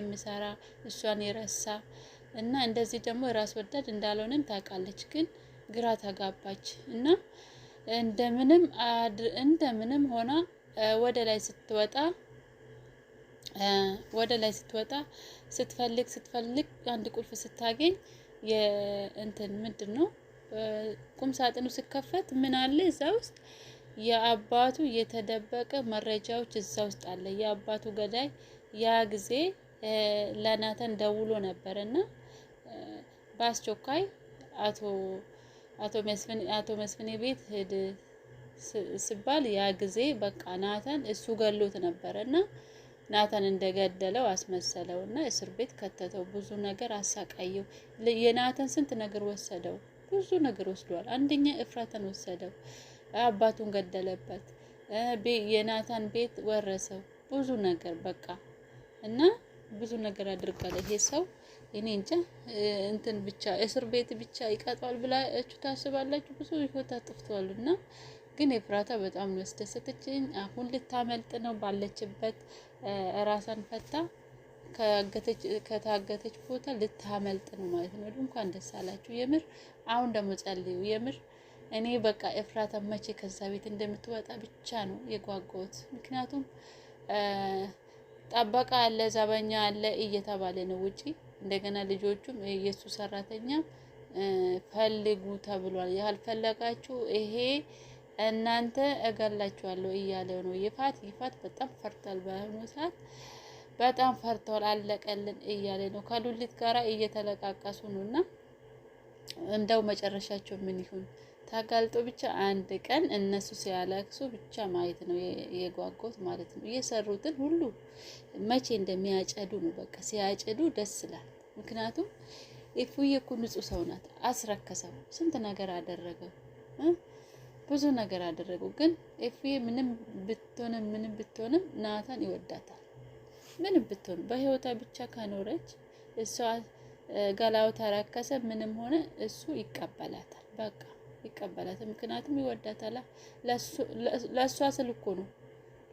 የሚሰራ እሷን የረሳ እና እንደዚህ ደግሞ ራስ ወዳድ እንዳልሆነም ታውቃለች። ግን ግራ ተጋባች እና እንደምንም እንደምንም ሆና ወደ ላይ ስትወጣ ወደ ላይ ስትወጣ ስትፈልግ ስትፈልግ አንድ ቁልፍ ስታገኝ የእንትን ምንድን ነው ቁም ሳጥኑ ስከፈት ምን አለ እዛ ውስጥ የአባቱ የተደበቀ መረጃዎች እዛ ውስጥ አለ። የአባቱ ገዳይ ያ ጊዜ ለናተን ደውሎ ነበር እና በአስቸኳይ አቶ አቶ መስፍን አቶ መስፍኔ ቤት ሂድ ስባል ያ ጊዜ በቃ ናተን እሱ ገሎት ነበር እና ናተን እንደገደለው አስመሰለው እና እስር ቤት ከተተው። ብዙ ነገር አሳቃየው። የናተን ስንት ነገር ወሰደው፣ ብዙ ነገር ወስዷል። አንደኛ እፍራተን ወሰደው፣ አባቱን ገደለበት፣ የናታን ቤት ወረሰው፣ ብዙ ነገር በቃ እና ብዙ ነገር አድርጋለ። ይሄ ሰው እኔ እንጃ እንትን ብቻ እስር ቤት ብቻ ይቀጣል ብላችሁ ታስባላችሁ? ብዙ ህይወት አጥፍተዋል። እና ግን የፍራታ በጣም ነው ያስደሰተችኝ። አሁን ልታመልጥ ነው ባለችበት ራሳን ፈታ ከታገተች ቦታ ልታመልጥ ነው ማለት ነው። እንኳን ደስ አላችሁ። የምር አሁን ደግሞ ጸልዩ። የምር እኔ በቃ ኤፍራታ መቼ ከዛ ቤት እንደምትወጣ ብቻ ነው የጓጓሁት። ምክንያቱም ጠበቃ አለ፣ ዘበኛ አለ እየተባለ ነው ውጪ። እንደገና ልጆቹም የእሱ ሰራተኛ ፈልጉ ተብሏል። ያልፈለጋችሁ ይሄ እናንተ እገላችኋለሁ እያለ ነው። ይፋት ይፋት በጣም ፈርታል። በአሁኑ ሰዓት በጣም ፈርቷል። አለቀልን እያለ ነው። ከሉሊት ጋራ እየተለቃቀሱ ነው እና እንደው መጨረሻቸው ምን ይሁን? ተጋልጦ ብቻ አንድ ቀን እነሱ ሲያለቅሱ ብቻ ማየት ነው የጓጎት ማለት ነው። እየሰሩትን ሁሉ መቼ እንደሚያጨዱ ነው። በቃ ሲያጨዱ ደስ ይላል። ምክንያቱም እፉዬ እኮ ንጹህ ሰው ናት። አስረከሰው፣ ስንት ነገር አደረገው፣ ብዙ ነገር አደረገው። ግን እፉዬ ምንም ብትሆንም ምንም ብትሆንም ናታን ይወዳታል። ምንም ብትሆን በህይወቷ ብቻ ከኖረች እሷ ገላው ተረከሰ ምንም ሆነ እሱ ይቀበላታል በቃ ይቀበላት ምክንያቱም ይወዳታል። ለእሷ ስል እኮ ነው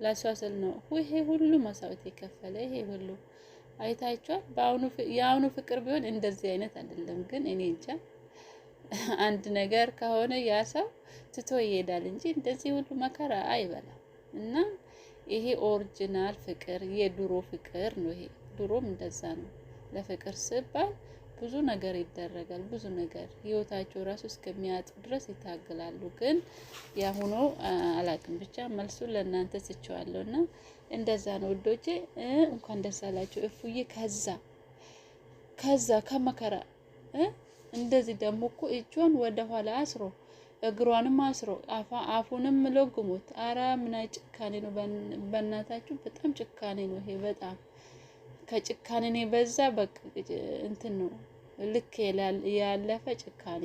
ለእሷ ስል ነው ይሄ ሁሉ መስዋዕት የከፈለ ይሄ ሁሉ አይታችኋል። የአሁኑ ፍቅር ቢሆን እንደዚህ አይነት አይደለም። ግን እኔ እንጃ አንድ ነገር ከሆነ ያ ሰው ትቶ ይሄዳል እንጂ እንደዚህ ሁሉ መከራ አይበላም። እና ይሄ ኦሪጂናል ፍቅር የድሮ ፍቅር ነው። ይሄ ድሮም እንደዛ ነው። ለፍቅር ስባል ብዙ ነገር ይደረጋል። ብዙ ነገር ህይወታቸው ራሱ እስከሚያጡ ድረስ ይታገላሉ። ግን ያሁኑ አላቅም ብቻ መልሱን ለእናንተ ስቸዋለሁ እና እንደዛ ነው ውዶቼ። እንኳን ደስ አላችሁ እፉዬ። ከዛ ከዛ ከመከራ እንደዚህ ደግሞ እኮ እጇን ወደ ኋላ አስሮ እግሯንም አስሮ አፉንም ለጉሙት። አረ ምና ጭካኔ ነው በእናታችሁ! በጣም ጭካኔ ነው ይሄ በጣም ከጭካኔን በዛ በቃ እንትን ነው ልክ ያለፈ ጭካኔ።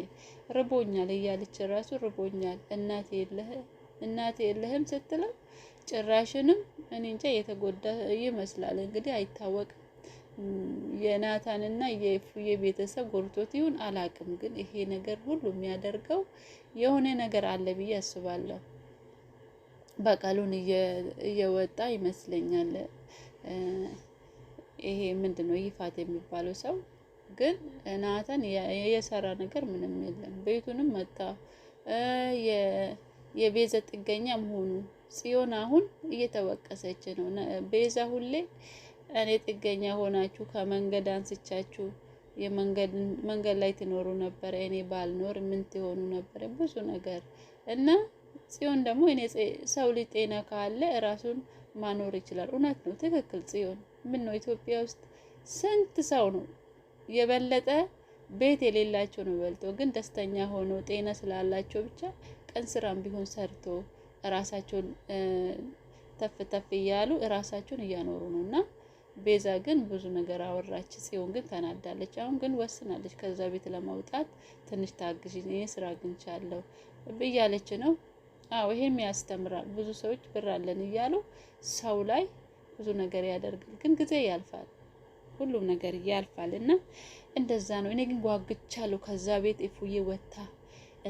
ርቦኛል እያለች ራሱ ርቦኛል እናት የለህ እናት የለህም ስትለው ጭራሽንም እኔ እንጃ የተጎዳ ይመስላል እንግዲህ አይታወቅም። የናታንና የፉዬ ቤተሰብ ጎርቶት ይሁን አላቅም፣ ግን ይሄ ነገር ሁሉ የሚያደርገው የሆነ ነገር አለ ብዬ አስባለሁ። በቀሉን እየወጣ ይመስለኛል። ይሄ ምንድን ነው ይፋት የሚባለው ሰው ግን ናተን የሰራ ነገር ምንም የለም። ቤቱንም መታ የቤዘ ጥገኛ መሆኑ ጽዮን አሁን እየተወቀሰች ነው። ቤዛ ሁሌ እኔ ጥገኛ ሆናችሁ ከመንገድ አንስቻችሁ መንገድ ላይ ትኖሩ ነበረ፣ እኔ ባልኖር ምን ትሆኑ ነበረ? ብዙ ነገር እና ጽዮን ደግሞ ሰው ልጅ ጤና ካለ ራሱን ማኖር ይችላል። እውነት ነው፣ ትክክል ጽዮን ምን ነው ኢትዮጵያ ውስጥ ስንት ሰው ነው የበለጠ ቤት የሌላቸው ነው በልቶ ግን ደስተኛ ሆኖ ጤና ስላላቸው ብቻ ቀን ስራም ቢሆን ሰርቶ ራሳቸውን ተፍ ተፍ እያሉ ራሳቸውን እያኖሩ ነው እና ቤዛ ግን ብዙ ነገር አወራች። ሲሆን ግን ተናዳለች። አሁን ግን ወስናለች ከዛ ቤት ለማውጣት ትንሽ ታግዥኝ፣ እኔ ስራ አግኝቻለሁ ብያለች ነው። አዎ ይሄም ያስተምራል። ብዙ ሰዎች ብር አለን እያሉ ሰው ላይ ብዙ ነገር ያደርጋል፣ ግን ጊዜ ያልፋል። ሁሉም ነገር ያልፋል እና እንደዛ ነው። እኔ ግን ጓግቻለሁ ከዛ ቤት እፉዬ ወታ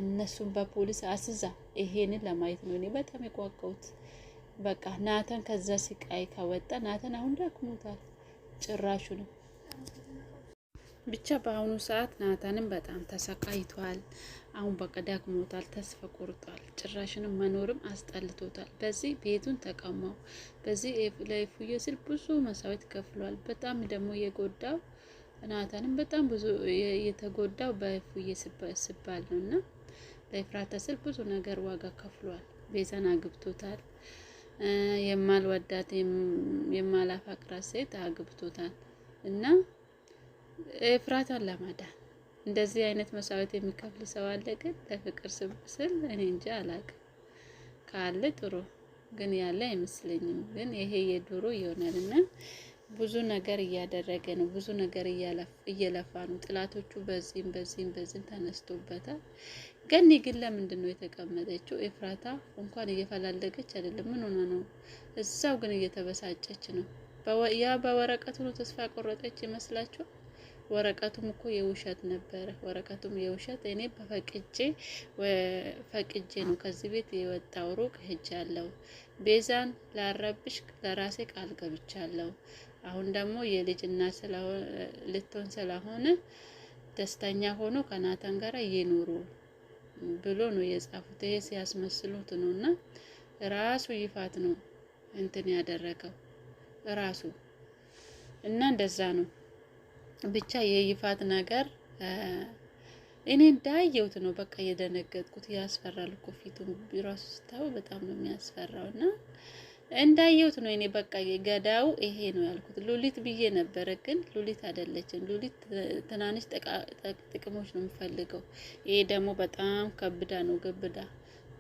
እነሱን በፖሊስ አስዛ ይሄንን ለማየት ነው እኔ በጣም የጓጓሁት። በቃ ናተን ከዛ ስቃይ ከወጣ ናተን አሁን ዳክሞታል ጭራሹ ነው። ብቻ በአሁኑ ሰዓት ናታንም በጣም ተሰቃይቷል። አሁን በቃ ዳክሞታል፣ ተስፋ ቆርጧል፣ ጭራሽንም መኖርም አስጠልቶታል። በዚህ ቤቱን ተቀማው፣ በዚህ ለፉዬ ስል ብዙ መስዋዕት ከፍሏል። በጣም ደግሞ የጎዳው ናታንም በጣም ብዙ የተጎዳው በፉዬ ስባል ነው እና ለኤፍራታ ስል ብዙ ነገር ዋጋ ከፍሏል። ቤዛን አግብቶታል። የማልወዳት የማላፋቅራት ሴት አግብቶታል እና ኤፍራታን ለማዳን እንደዚህ አይነት መስዋዕት የሚከፍል ሰው አለ። ግን ለፍቅር ስል እኔ እንጂ አላውቅም። ካለ ጥሩ ግን ያለ አይመስለኝም። ግን ይሄ የድሮ ይሆናልና ብዙ ነገር እያደረገ ነው። ብዙ ነገር እየለፋ ነው። ጥላቶቹ በዚህም በዚህም በዚህም ተነስቶበታል። ገኒ ግን ለምንድን ነው የተቀመጠችው? ኤፍራታ እንኳን እየፈላለገች አይደለም። ምን ሆነ ነው? እዛው ግን እየተበሳጨች ነው። ያ በወረቀቱ ነው ተስፋ ቆረጠች ይመስላችኋል? ወረቀቱም እኮ የውሸት ነበረ። ወረቀቱም የውሸት እኔ በፈቅጄ ፈቅጄ ነው ከዚህ ቤት የወጣው። ሩቅ ሄጃለሁ። ቤዛን ላረብሽ ለራሴ ቃል ገብቻለሁ። አሁን ደግሞ የልጅና ልትሆን ስለሆነ ደስተኛ ሆኖ ከናታን ጋር እየኖሩ ብሎ ነው የጻፉት። ይሄ ሲያስመስሉት ነው እና ራሱ ይፋት ነው እንትን ያደረገው ራሱ እና እንደዛ ነው። ብቻ የይፋት ነገር እኔ እንዳየሁት ነው በቃ የደነገጥኩት። ያስፈራል እኮ ፊቱ ራሱ ስታዩ በጣም ነው የሚያስፈራው። እና እንዳየሁት ነው እኔ በቃ ገዳው ይሄ ነው ያልኩት። ሉሊት ብዬ ነበረ፣ ግን ሉሊት አይደለችም። ሉሊት ትናንሽ ጥቅሞች ነው የምፈልገው። ይሄ ደግሞ በጣም ከብዳ ነው ግብዳ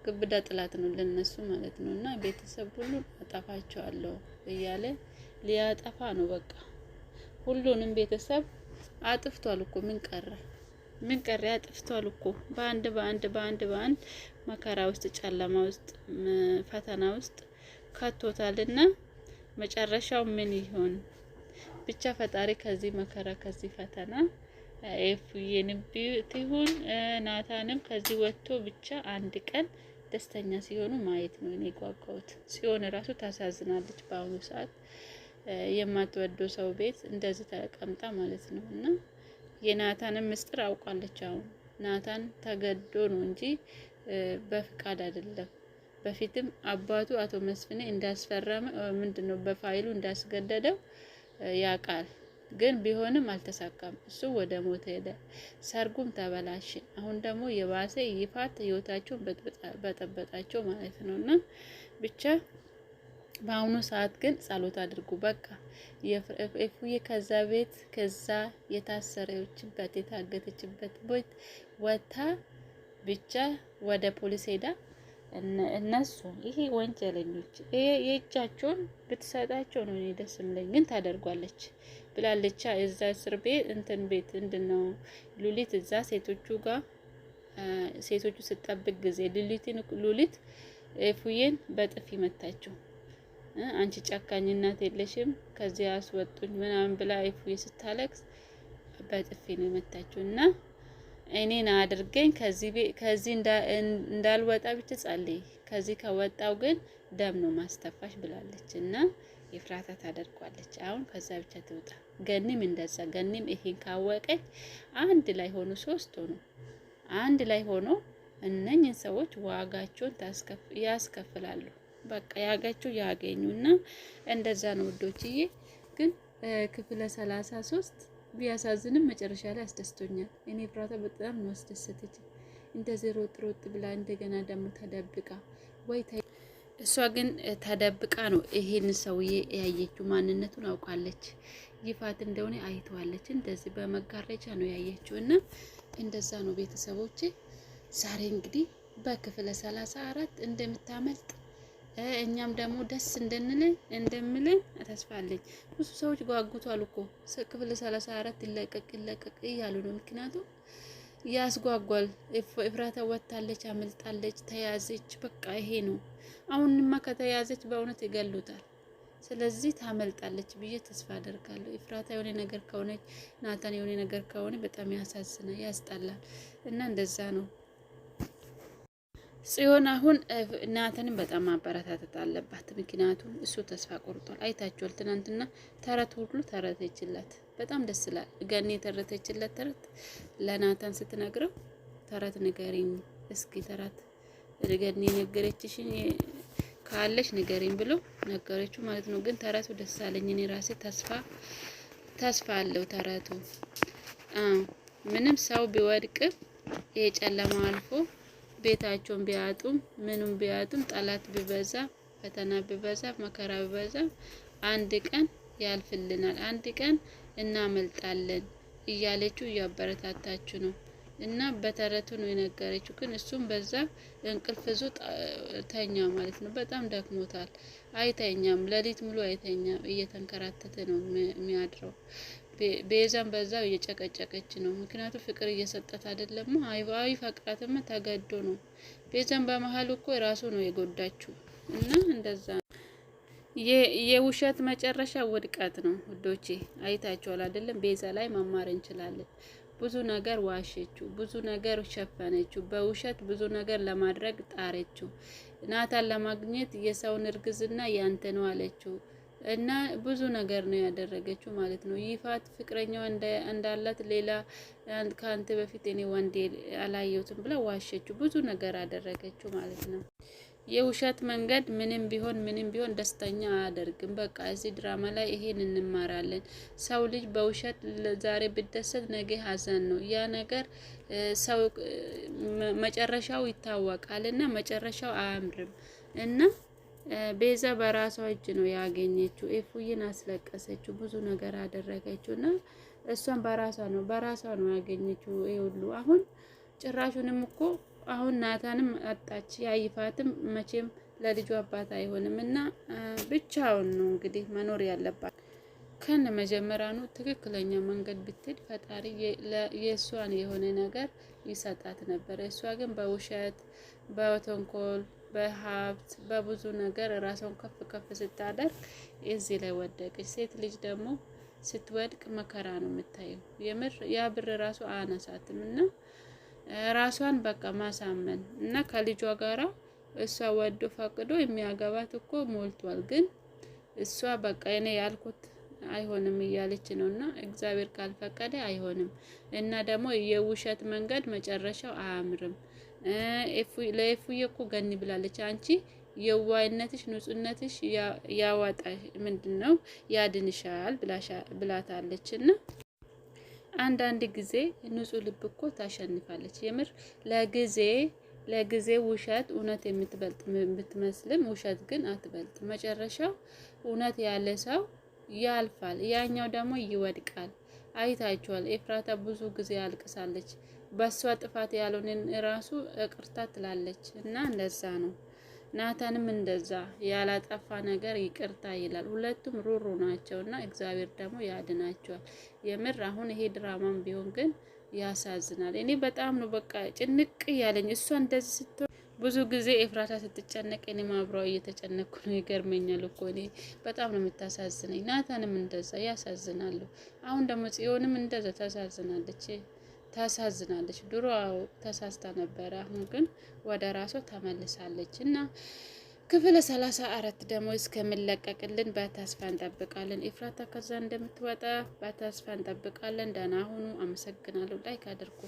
ግብዳ ጥላት ነው ለነሱ ማለት ነው። እና ቤተሰብ ሁሉ አጠፋቸዋለሁ እያለ ሊያጠፋ ነው በቃ ሁሉንም ቤተሰብ አጥፍቷል እኮ ምን ቀረ? ምን ቀረ? አጥፍቷል እኮ በአንድ በአንድ በአንድ በአንድ መከራ ውስጥ፣ ጨለማ ውስጥ፣ ፈተና ውስጥ ከቶታልና መጨረሻው ምን ይሆን? ብቻ ፈጣሪ ከዚህ መከራ ከዚህ ፈተና ኤፍዬንም ትሁን ናታንም ከዚህ ወጥቶ ብቻ አንድ ቀን ደስተኛ ሲሆኑ ማየት ነው እኔ ጓጓሁት። ሲሆን ራሱ ታሳዝናለች በአሁኑ ሰዓት የማትወደው ሰው ቤት እንደዚህ ተቀምጣ ማለት ነው። እና የናታንን ምስጢር አውቃለች። አሁን ናታን ተገዶ ነው እንጂ በፍቃድ አይደለም። በፊትም አባቱ አቶ መስፍኔ እንዳስፈረመ ምንድን ነው በፋይሉ እንዳስገደደው ያውቃል። ግን ቢሆንም አልተሳካም። እሱ ወደ ሞት ሄደ፣ ሰርጉም ተበላሽ። አሁን ደግሞ የባሰ ይፋት ህይወታቸውን በጠበጣቸው ማለት ነው እና ብቻ በአሁኑ ሰዓት ግን ጸሎት አድርጉ። በቃ እፉዬ ከዛ ቤት ከዛ የታሰረችበት የታገተችበት ቤት ወታ ብቻ ወደ ፖሊስ ሄዳ እነሱ ይሄ ወንጀለኞች ይሄ የእጃቸውን ብትሰጣቸው ነው እኔ ደስ ምለኝ፣ ግን ታደርጓለች ብላለቻ። እዛ እስር ቤት እንትን ቤት እንድነው ሉሊት እዛ ሴቶቹ ጋር ሴቶቹ ስጠብቅ ጊዜ ሉሊትን ሉሊት እፉዬን በጥፊ መታቸው። አንቺ ጨካኝነት የለሽም ከዚያ ያስወጡኝ ምናምን ብላ አይፉዬ ስታለቅስ በጥፊ ነው የመታችው እና እኔን አድርገኝ ከዚህ እንዳልወጣ ብቻ ጸልይ፣ ከዚህ ከወጣው ግን ደም ነው ማስተፋሽ ብላለች እና የፍራታ ታደርጓለች። አሁን ከዛ ብቻ ትውጣ። ገኒም እንደዛ ገኒም ይሄን ካወቀች አንድ ላይ ሆኖ ሶስት ሆኖ አንድ ላይ ሆኖ እነኝን ሰዎች ዋጋቸውን ያስከፍላሉ። በቃ ያገችው ያገኙና እንደዛ ነው ውዶችዬ። ግን ክፍለ ሰላሳ ሶስት ቢያሳዝንም መጨረሻ ላይ አስደስቶኛል። እኔ ፍራታ በጣም ነው አስደሰተች። እንደዚህ ሮጥ ሮጥ ብላ እንደገና ደግሞ ተደብቃ ወይ እሷ ግን ተደብቃ ነው ይሄን ሰውዬ ያየችው። ማንነቱን አውቃለች፣ ይፋት እንደሆነ አይተዋለች። እንደዚህ በመጋረጃ ነው ያየችው እና እንደዛ ነው ቤተሰቦች። ዛሬ እንግዲህ በክፍለ ሰላሳ አራት እንደምታመልጥ እኛም ደግሞ ደስ እንደንል እንደምል ተስፋ አለኝ። ብዙ ሰዎች ጓጉቷል እኮ ክፍል 34 ይለቀቅ ይለቀቅ እያሉ ነው። ምክንያቱም ያስጓጓል። እፍራታ ወታለች፣ አመልጣለች፣ ተያዘች። በቃ ይሄ ነው። አሁንማ ከተያዘች በእውነት ይገሉታል። ስለዚህ ታመልጣለች ብዬ ተስፋ አደርጋለሁ። ኢፍራታ የሆነ ነገር ከሆነች ናታን የሆነ ነገር ከሆነ በጣም ያሳዝናል፣ ያስጠላል እና እንደዛ ነው። ጽዮን አሁን እናተንም በጣም ማበረታታት አለባት። ምክንያቱም እሱ ተስፋ ቆርጧል። አይታችኋል፣ ትናንትና ተረት ሁሉ ተረተችለት። በጣም ደስ ይላል። ገኔ የተረተችለት ተረት ለናተን ስትነግረው ተረት ንገሪኝ እስኪ ተረት ገኔ ነገረችሽን ካለሽ ንገሪኝ ብሎ ነገረችው ማለት ነው። ግን ተረቱ ደስ አለኝ። እኔ ራሴ ተስፋ ተስፋ አለው ተረቱ ምንም ሰው ቢወድቅ የጨለማ አልፎ ቤታቸውን ቢያጡም ምኑም ቢያጡም ጠላት ቢበዛ ፈተና ቢበዛ መከራ ቢበዛ አንድ ቀን ያልፍልናል፣ አንድ ቀን እናመልጣለን እያለችው እያበረታታችሁ ነው እና በተረቱ ነው የነገረችው። ግን እሱም በዛ እንቅልፍ ተኛ ማለት ነው። በጣም ደክሞታል፣ አይተኛም። ሌሊት ሙሉ አይተኛም። እየተንከራተተ ነው የሚያድረው። ቤዛን በዛው እየጨቀጨቀች ነው። ምክንያቱም ፍቅር እየሰጣት አይደለም። አይባይ ፈቅራትም ተገዶ ነው። ቤዛን በመሀል እኮ ራሱ ነው የጎዳችው እና እንደዛ የውሸት መጨረሻ ውድቀት ነው ውዶቼ። አይታችኋል አይደለም? ቤዛ ላይ መማር እንችላለን። ብዙ ነገር ዋሸችው፣ ብዙ ነገር ሸፈነችው፣ በውሸት ብዙ ነገር ለማድረግ ጣረችው። ናታን ለማግኘት የሰውን እርግዝና ያንተ ነው አለችው። እና ብዙ ነገር ነው ያደረገችው ማለት ነው። ይፋት ፍቅረኛው እንዳላት ሌላ ከአንተ በፊት እኔ ወንዴ አላየሁትም ብላ ዋሸችው። ብዙ ነገር አደረገችው ማለት ነው። የውሸት መንገድ ምንም ቢሆን ምንም ቢሆን ደስተኛ አያደርግም። በቃ እዚህ ድራማ ላይ ይሄን እንማራለን። ሰው ልጅ በውሸት ዛሬ ብደሰት ነገ ሀዘን ነው። ያ ነገር ሰው መጨረሻው ይታወቃል እና መጨረሻው አያምርም እና ቤዛ በራሷ እጅ ነው ያገኘችው። ኤፉዬን አስለቀሰችው፣ ብዙ ነገር አደረገችው እና እሷን በራሷ ነው በራሷ ነው ያገኘችው። ይሄ ሁሉ አሁን ጭራሹንም እኮ አሁን ናታንም አጣች። ያይፋትም መቼም ለልጁ አባት አይሆንም እና ብቻውን ነው እንግዲህ መኖር ያለባት። ከነ መጀመሪያኑ ትክክለኛ መንገድ ብትሄድ ፈጣሪ የእሷን የሆነ ነገር ይሰጣት ነበር። እሷ ግን በውሸት በተንኮል በሀብት በብዙ ነገር ራሷን ከፍ ከፍ ስታደርግ እዚህ ላይ ወደቀች። ሴት ልጅ ደግሞ ስትወድቅ መከራ ነው የምታየው። የምር ያ ብር ራሱ አያነሳትም እና ራሷን በቃ ማሳመን እና ከልጇ ጋራ እሷ ወዶ ፈቅዶ የሚያገባት እኮ ሞልቷል። ግን እሷ በቃ እኔ ያልኩት አይሆንም እያለች ነው እና እግዚአብሔር ካልፈቀደ አይሆንም እና ደግሞ የውሸት መንገድ መጨረሻው አያምርም። ለኤፉዬ እኮ ገኒ ብላለች። አንቺ የዋይነትሽ ንጹህነትሽ ያዋጣ ምንድን ነው ያድንሻል ብላታለች እና አንዳንድ ጊዜ ንጹህ ልብ እኮ ታሸንፋለች። የምር ለጊዜ ለጊዜ ውሸት እውነት የምትበልጥ ብትመስልም ውሸት ግን አትበልጥ። መጨረሻው እውነት ያለ ሰው ያልፋል፣ ያኛው ደግሞ ይወድቃል። አይታችኋል። ኤፍራታ ብዙ ጊዜ አልቅሳለች። በእሷ ጥፋት ያለውን ራሱ እቅርታ ትላለች እና እንደዛ ነው። ናታንም እንደዛ ያላጠፋ ነገር ይቅርታ ይላል። ሁለቱም ሩሩ ናቸው እና እግዚአብሔር ደግሞ ያድናቸዋል። የምር አሁን ይሄ ድራማም ቢሆን ግን ያሳዝናል። እኔ በጣም ነው በቃ ጭንቅ እያለኝ እሷ እንደዚህ ስትሆን ብዙ ጊዜ ኤፍራታ ስትጨነቅ እኔ ማብረው እየተጨነቅኩ ነው። ይገርመኛል እኮ እኔ በጣም ነው የምታሳዝነኝ። ናታንም እንደዛ ያሳዝናሉ። አሁን ደግሞ ጽዮንም እንደዛ ታሳዝናለች። ታሳዝናለች። ድሮ ተሳስታ ነበረ፣ አሁን ግን ወደ ራሷ ተመልሳለች እና ክፍለ ሰላሳ አራት ደግሞ እስከምለቀቅልን በተስፋ እንጠብቃለን። ኤፍራታ ከዛ እንደምትወጣ በተስፋ እንጠብቃለን። ደህና ሁኑ። አመሰግናለሁ። ላይክ አድርጉ።